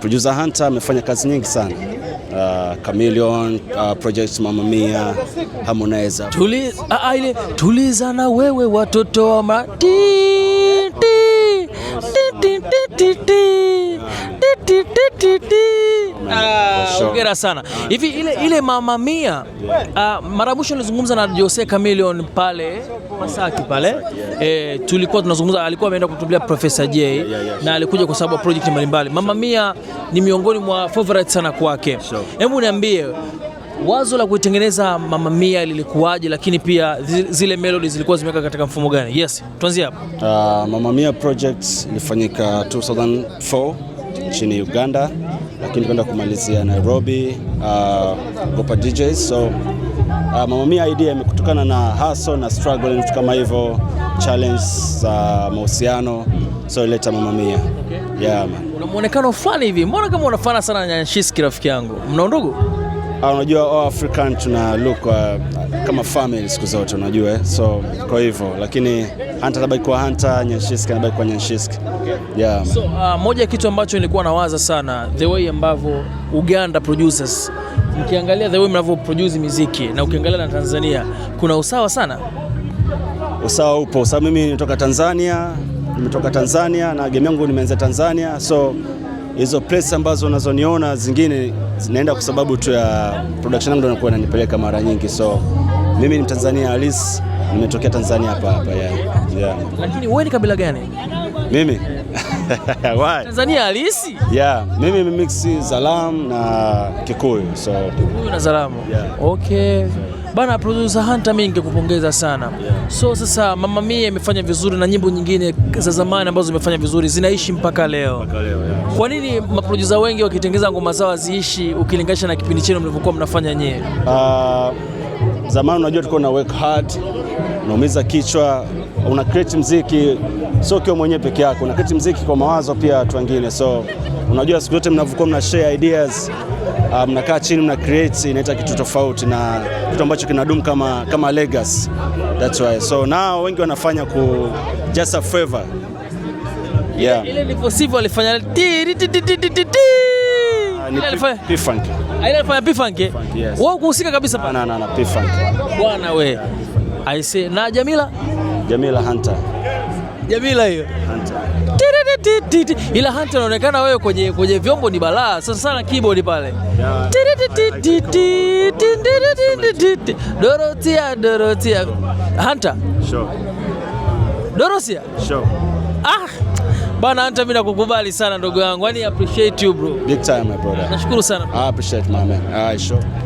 Producer Hunter amefanya kazi nyingi sana uh, Chameleon, uh, Project Mama Mia, Harmonize. Ah, tuliza na wewe watoto wa matii Hongera sana. Hivi ile ile Mama Mia uh, mara mwisho nilizungumza na Jose Chameleone pale Masaki pale eh, tulikuwa tunazungumza, alikuwa ameenda kutumblia Professor J na alikuja kwa sababu ya project mbalimbali. Mama Mia ni miongoni mwa favorite sana kwake. Hebu niambie wazo la kuitengeneza Mama Mia lilikuwaje, lakini pia zile melodies zilikuwa zimeweka katika mfumo gani? Yes, tuanzie hapo. Uh, Mama Mia project ilifanyika 2004 nchini Uganda, lakini kwenda kumalizia Nairobi uh, Gopa DJs. So uh, Mama Mia idea imekutokana na hustle na struggle na kama hivyo, challenge za uh, mahusiano, so ileta Mama Mia. Yeah, man. Una muonekano fulani hivi, mbona kama unafana sana na Nyanshiski rafiki yangu, mna Ah, unajua oh, African tuna look uh, kama family siku zote unajua eh? So kwa hivyo lakini Hunter anabaki kwa Hunter, Nyanshisk anabaki kwa Nyanshisk. Yeah. So uh, moja ya kitu ambacho nilikuwa nawaza sana the way ambavyo Uganda producers mkiangalia the way mnavyo produce miziki na ukiangalia na Tanzania kuna usawa sana. Usawa upo. Sasa mimi nitoka Tanzania, nimetoka Tanzania na game yangu nimeanza Tanzania so hizo place ambazo unazoniona zingine zinaenda kwa sababu tu ya production yangu ndio inakuwa inanipeleka mara nyingi, so mimi ni Mtanzania halisi, nimetokea Tanzania hapa hapa yeah. Yeah. Lakini wewe ni kabila gani? Mimi Why? Tanzania halisi? Yeah, mimi mimix Zalam na Kikuyu so Kikuyu na Zalam. Yeah. Okay. Bana, producer Hunter mimi ningekupongeza sana yeah. So sasa Mama Mia imefanya vizuri na nyimbo nyingine za zamani ambazo zimefanya vizuri zinaishi mpaka leo, mpaka leo yeah. Kwa nini maproducer wengi wakitengeza ngoma zao ziishi ukilinganisha na kipindi chenu mlivyokuwa mnafanya nyewe? Uh, ah, zamani unajua tulikuwa na work hard, unaumiza kichwa una create mziki, sio kiwa mwenyewe peke yako, una create mziki kwa mawazo pia watu wengine. So unajua siku zote mnavyokuwa mna share ideas uh, mnakaa chini mna create, inaita kitu tofauti na kitu ambacho kinadumu kama, kama legacy. That's why. So now wengi wanafanya ku just a favor Yeah. Ile ndivyo sivyo alifanya alifanya P-Funk. Wao kuhusika kabisa. Na na na P-Funk. Bwana we. I say na Jamila Jamila Hunter. Jamila hiyo ila Hunter anaonekana wewe kwenye kwenye vyombo ni balaa sasa sana, keyboard pale Dorotia Dorotia Hunter Dorosia ah bana Hunter, mimi nakukubali sana ndugu yangu, yani appreciate you bro, big time my brother. Nashukuru sana. I appreciate my man. ah, sure.